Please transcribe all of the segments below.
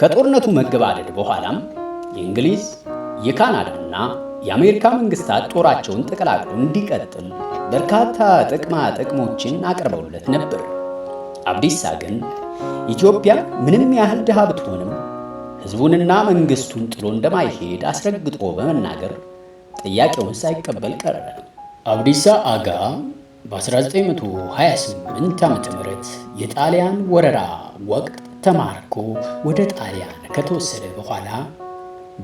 ከጦርነቱ መገባደድ በኋላም የእንግሊዝ የካናዳና የአሜሪካ መንግስታት ጦራቸውን ተቀላቅሎ እንዲቀጥል በርካታ ጥቅማ ጥቅሞችን አቅርበውለት ነበር። አብዲሳ ግን ኢትዮጵያ ምንም ያህል ድሃ ብትሆንም ህዝቡንና መንግስቱን ጥሎ እንደማይሄድ አስረግጦ በመናገር ጥያቄውን ሳይቀበል ቀረ። አብዲሳ አጋ በ1928 ዓ. ም የጣሊያን ወረራ ወቅት ተማርኮ ወደ ጣሊያን ከተወሰደ በኋላ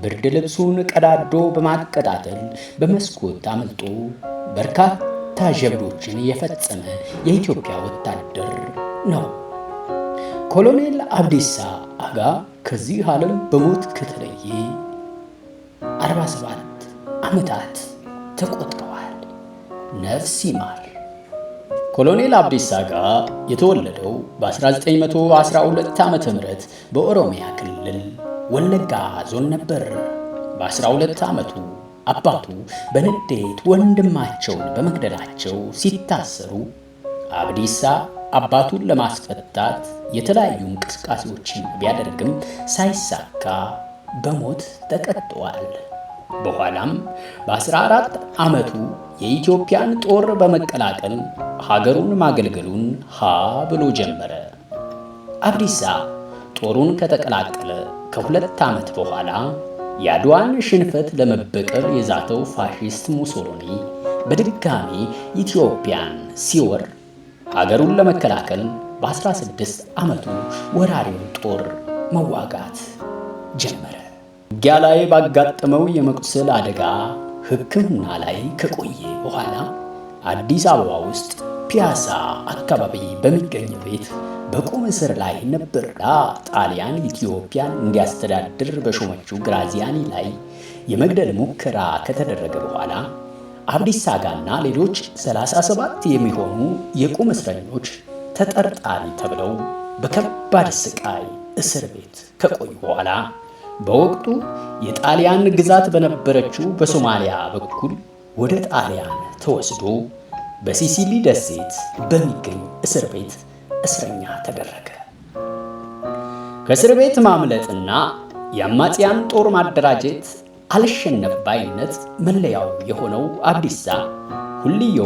ብርድ ልብሱን ቀዳዶ በማቀጣጠል በመስኮት አመልጦ በርካታ ጀብዶችን የፈጸመ የኢትዮጵያ ወታደር ነው። ኮሎኔል አብዲሳ አጋ ከዚህ ዓለም በሞት ከተለየ 47 ዓመታት ተቆጥረዋል። ነፍስ ይማር። ኮሎኔል አብዲሳ አጋ የተወለደው በ1912 ዓ ም በኦሮሚያ ክልል ወለጋ ዞን ነበር። በ12 ዓመቱ አባቱ በንዴት ወንድማቸውን በመግደላቸው ሲታሰሩ አብዲሳ አባቱን ለማስፈታት የተለያዩ እንቅስቃሴዎችን ቢያደርግም ሳይሳካ በሞት ተቀጥቷል። በኋላም በ14 ዓመቱ የኢትዮጵያን ጦር በመቀላቀል ሀገሩን ማገልገሉን ሀ ብሎ ጀመረ። አብዲሳ ጦሩን ከተቀላቀለ ከሁለት ዓመት በኋላ የአድዋን ሽንፈት ለመበቀል የዛተው ፋሽስት ሙሶሎኒ በድጋሚ ኢትዮጵያን ሲወር ሀገሩን ለመከላከል በ16 ዓመቱ ወራሪውን ጦር መዋጋት ጀመረ። ውጊያ ላይ ባጋጠመው የመቁሰል አደጋ ሕክምና ላይ ከቆየ በኋላ አዲስ አበባ ውስጥ ፒያሳ አካባቢ በሚገኝ ቤት በቁም እስር ላይ ነበርና ጣሊያን ኢትዮጵያን እንዲያስተዳድር በሾመችው ግራዚያኒ ላይ የመግደል ሙከራ ከተደረገ በኋላ አብዲሳ አጋና ሌሎች 37 የሚሆኑ የቁም እስረኞች ተጠርጣሪ ተብለው በከባድ ስቃይ እስር ቤት ከቆዩ በኋላ በወቅቱ የጣሊያን ግዛት በነበረችው በሶማሊያ በኩል ወደ ጣሊያን ተወስዶ በሲሲሊ ደሴት በሚገኝ እስር ቤት እስረኛ ተደረገ። ከእስር ቤት ማምለጥና የአማጽያን ጦር ማደራጀት አልሸነፍ ባይነት መለያው የሆነው አብዲሳ ሁልዮ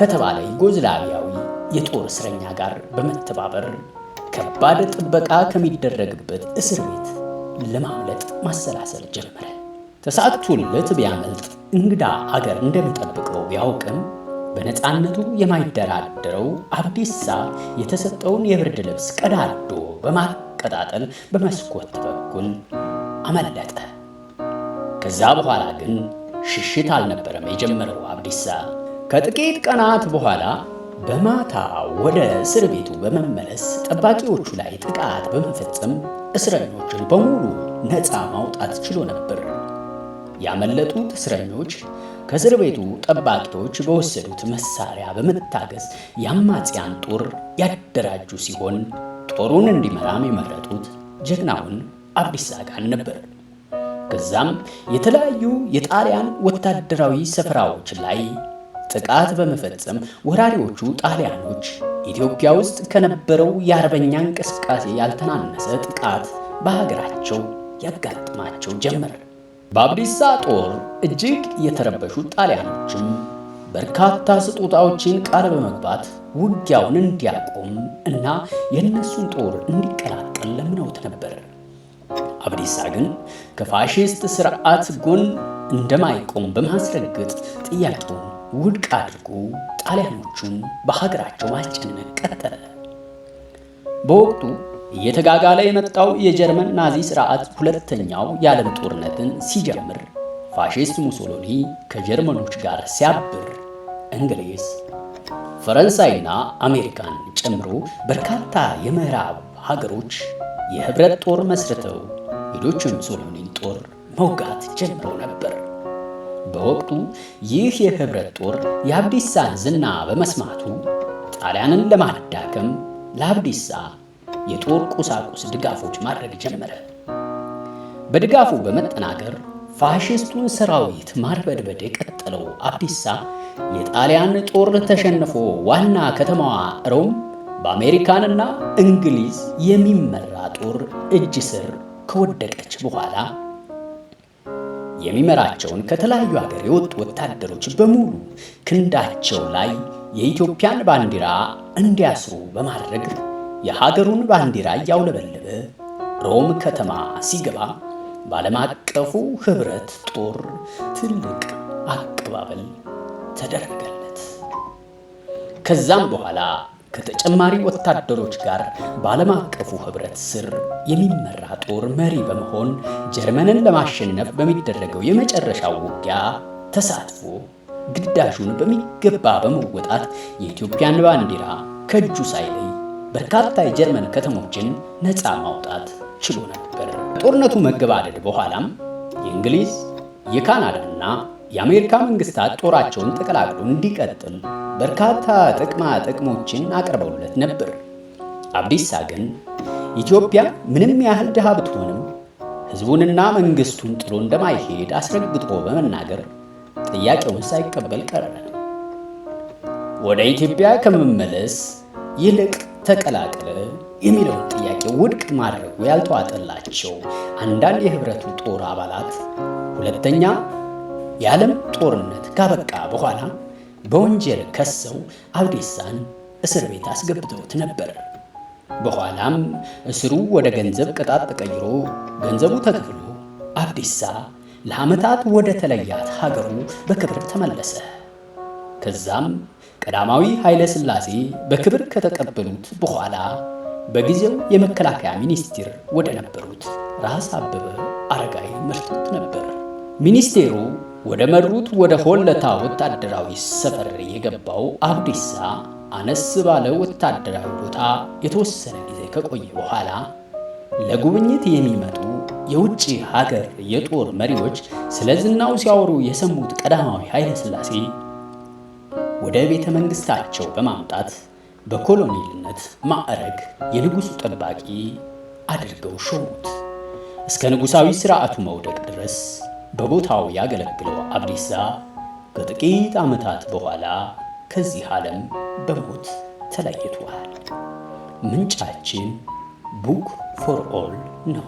ከተባለ ዩጎዝላቪያዊ የጦር እስረኛ ጋር በመተባበር ከባድ ጥበቃ ከሚደረግበት እስር ቤት ለማምለጥ ማሰላሰል ጀመረ። ተሳክቶለት ቢያመልጥ እንግዳ አገር እንደሚጠብቀው ቢያውቅም በነፃነቱ የማይደራደረው አብዲሳ የተሰጠውን የብርድ ልብስ ቀዳዶ በማቀጣጠል በመስኮት በኩል አመለጠ። ከዛ በኋላ ግን ሽሽት አልነበረም የጀመረው አብዲሳ። ከጥቂት ቀናት በኋላ በማታ ወደ እስር ቤቱ በመመለስ ጠባቂዎቹ ላይ ጥቃት በመፈጸም እስረኞችን በሙሉ ነፃ ማውጣት ችሎ ነበር። ያመለጡት እስረኞች ከእስር ቤቱ ጠባቂዎች በወሰዱት መሳሪያ በመታገዝ የአማጽያን ጦር ያደራጁ ሲሆን ጦሩን እንዲመራም የመረጡት ጀግናውን አብዲስ አጋን ነበር። ከዛም የተለያዩ የጣሊያን ወታደራዊ ስፍራዎች ላይ ጥቃት በመፈጸም ወራሪዎቹ ጣሊያኖች ኢትዮጵያ ውስጥ ከነበረው የአርበኛ እንቅስቃሴ ያልተናነሰ ጥቃት በሀገራቸው ያጋጥማቸው ጀመር። በአብዲሳ ጦር እጅግ የተረበሹ ጣሊያኖችም በርካታ ስጦታዎችን ቃል በመግባት ውጊያውን እንዲያቆም እና የእነሱን ጦር እንዲቀላቀል ለምነውት ነበር። አብዲሳ ግን ከፋሽስት ስርዓት ጎን እንደማይቆም በማስረገጥ ጥያቄውን ውድቅ አድርጎ ጣሊያኖቹን በሀገራቸው ማስጨነቅ ቀጠለ። በወቅቱ እየተጋጋለ የመጣው የጀርመን ናዚ ስርዓት ሁለተኛው የዓለም ጦርነትን ሲጀምር ፋሺስት ሙሶሎኒ ከጀርመኖች ጋር ሲያብር እንግሊዝ፣ ፈረንሳይና አሜሪካን ጨምሮ በርካታ የምዕራብ ሀገሮች የህብረት ጦር መስርተው የዶቼ ሙሶሎኒን ጦር መውጋት ጀምረው ነበር። በወቅቱ ይህ የህብረት ጦር የአብዲሳን ዝና በመስማቱ ጣሊያንን ለማዳከም ለአብዲሳ የጦር ቁሳቁስ ድጋፎች ማድረግ ጀመረ። በድጋፉ በመጠናከር ፋሽስቱን ሰራዊት ማርበድበድ የቀጠለው አብዲሳ የጣሊያን ጦር ተሸንፎ ዋና ከተማዋ ሮም በአሜሪካንና እንግሊዝ የሚመራ ጦር እጅ ስር ከወደቀች በኋላ የሚመራቸውን ከተለያዩ ሀገር የወጡ ወታደሮች በሙሉ ክንዳቸው ላይ የኢትዮጵያን ባንዲራ እንዲያስሩ በማድረግ የሀገሩን ባንዲራ እያውለበለበ ሮም ከተማ ሲገባ በዓለም አቀፉ ኅብረት ጦር ትልቅ አቀባበል ተደረገለት። ከዛም በኋላ ከተጨማሪ ወታደሮች ጋር በዓለም አቀፉ ህብረት ስር የሚመራ ጦር መሪ በመሆን ጀርመንን ለማሸነፍ በሚደረገው የመጨረሻው ውጊያ ተሳትፎ ግዳሹን በሚገባ በመወጣት የኢትዮጵያን ባንዲራ ከእጁ ሳይለይ በርካታ የጀርመን ከተሞችን ነፃ ማውጣት ችሎ ነበር። ጦርነቱ መገባደድ በኋላም የእንግሊዝ የካናዳና የአሜሪካ መንግስታት ጦራቸውን ተቀላቅሎ እንዲቀጥል በርካታ ጥቅማ ጥቅሞችን አቅርበውለት ነበር። አብዲሳ ግን ኢትዮጵያ ምንም ያህል ድሃ ብትሆንም ህዝቡንና መንግስቱን ጥሎ እንደማይሄድ አስረግጦ በመናገር ጥያቄውን ሳይቀበል ቀረ። ወደ ኢትዮጵያ ከመመለስ ይልቅ ተቀላቀለ የሚለውን ጥያቄ ውድቅ ማድረጉ ያልተዋጠላቸው አንዳንድ የህብረቱ ጦር አባላት ሁለተኛ የዓለም ጦርነት ካበቃ በኋላ በወንጀል ከሰው አብዲሳን እስር ቤት አስገብተውት ነበር። በኋላም እስሩ ወደ ገንዘብ ቅጣት ተቀይሮ ገንዘቡ ተከፍሎ አብዲሳ ለዓመታት ወደ ተለያት ሀገሩ በክብር ተመለሰ። ከዛም ቀዳማዊ ኃይለ ሥላሴ በክብር ከተቀበሉት በኋላ በጊዜው የመከላከያ ሚኒስትር ወደ ነበሩት ራስ አበበ አረጋይ መርቶት ነበር። ሚኒስቴሩ ወደ መሩት ወደ ሆለታ ወታደራዊ ሰፈር የገባው አብዲሳ አነስ ባለ ወታደራዊ ቦታ የተወሰነ ጊዜ ከቆየ በኋላ ለጉብኝት የሚመጡ የውጭ ሀገር የጦር መሪዎች ስለ ዝናው ሲያወሩ የሰሙት ቀዳማዊ ኃይለ ሥላሴ ወደ ቤተ መንግሥታቸው በማምጣት በኮሎኔልነት ማዕረግ የንጉሡ ጠባቂ አድርገው ሾሙት። እስከ ንጉሣዊ ሥርዓቱ መውደቅ ድረስ በቦታው ያገለግለው አብዲሳ ከጥቂት ዓመታት በኋላ ከዚህ ዓለም በሞት ተለይቷል። ምንጫችን ቡክ ፎር ኦል ነው።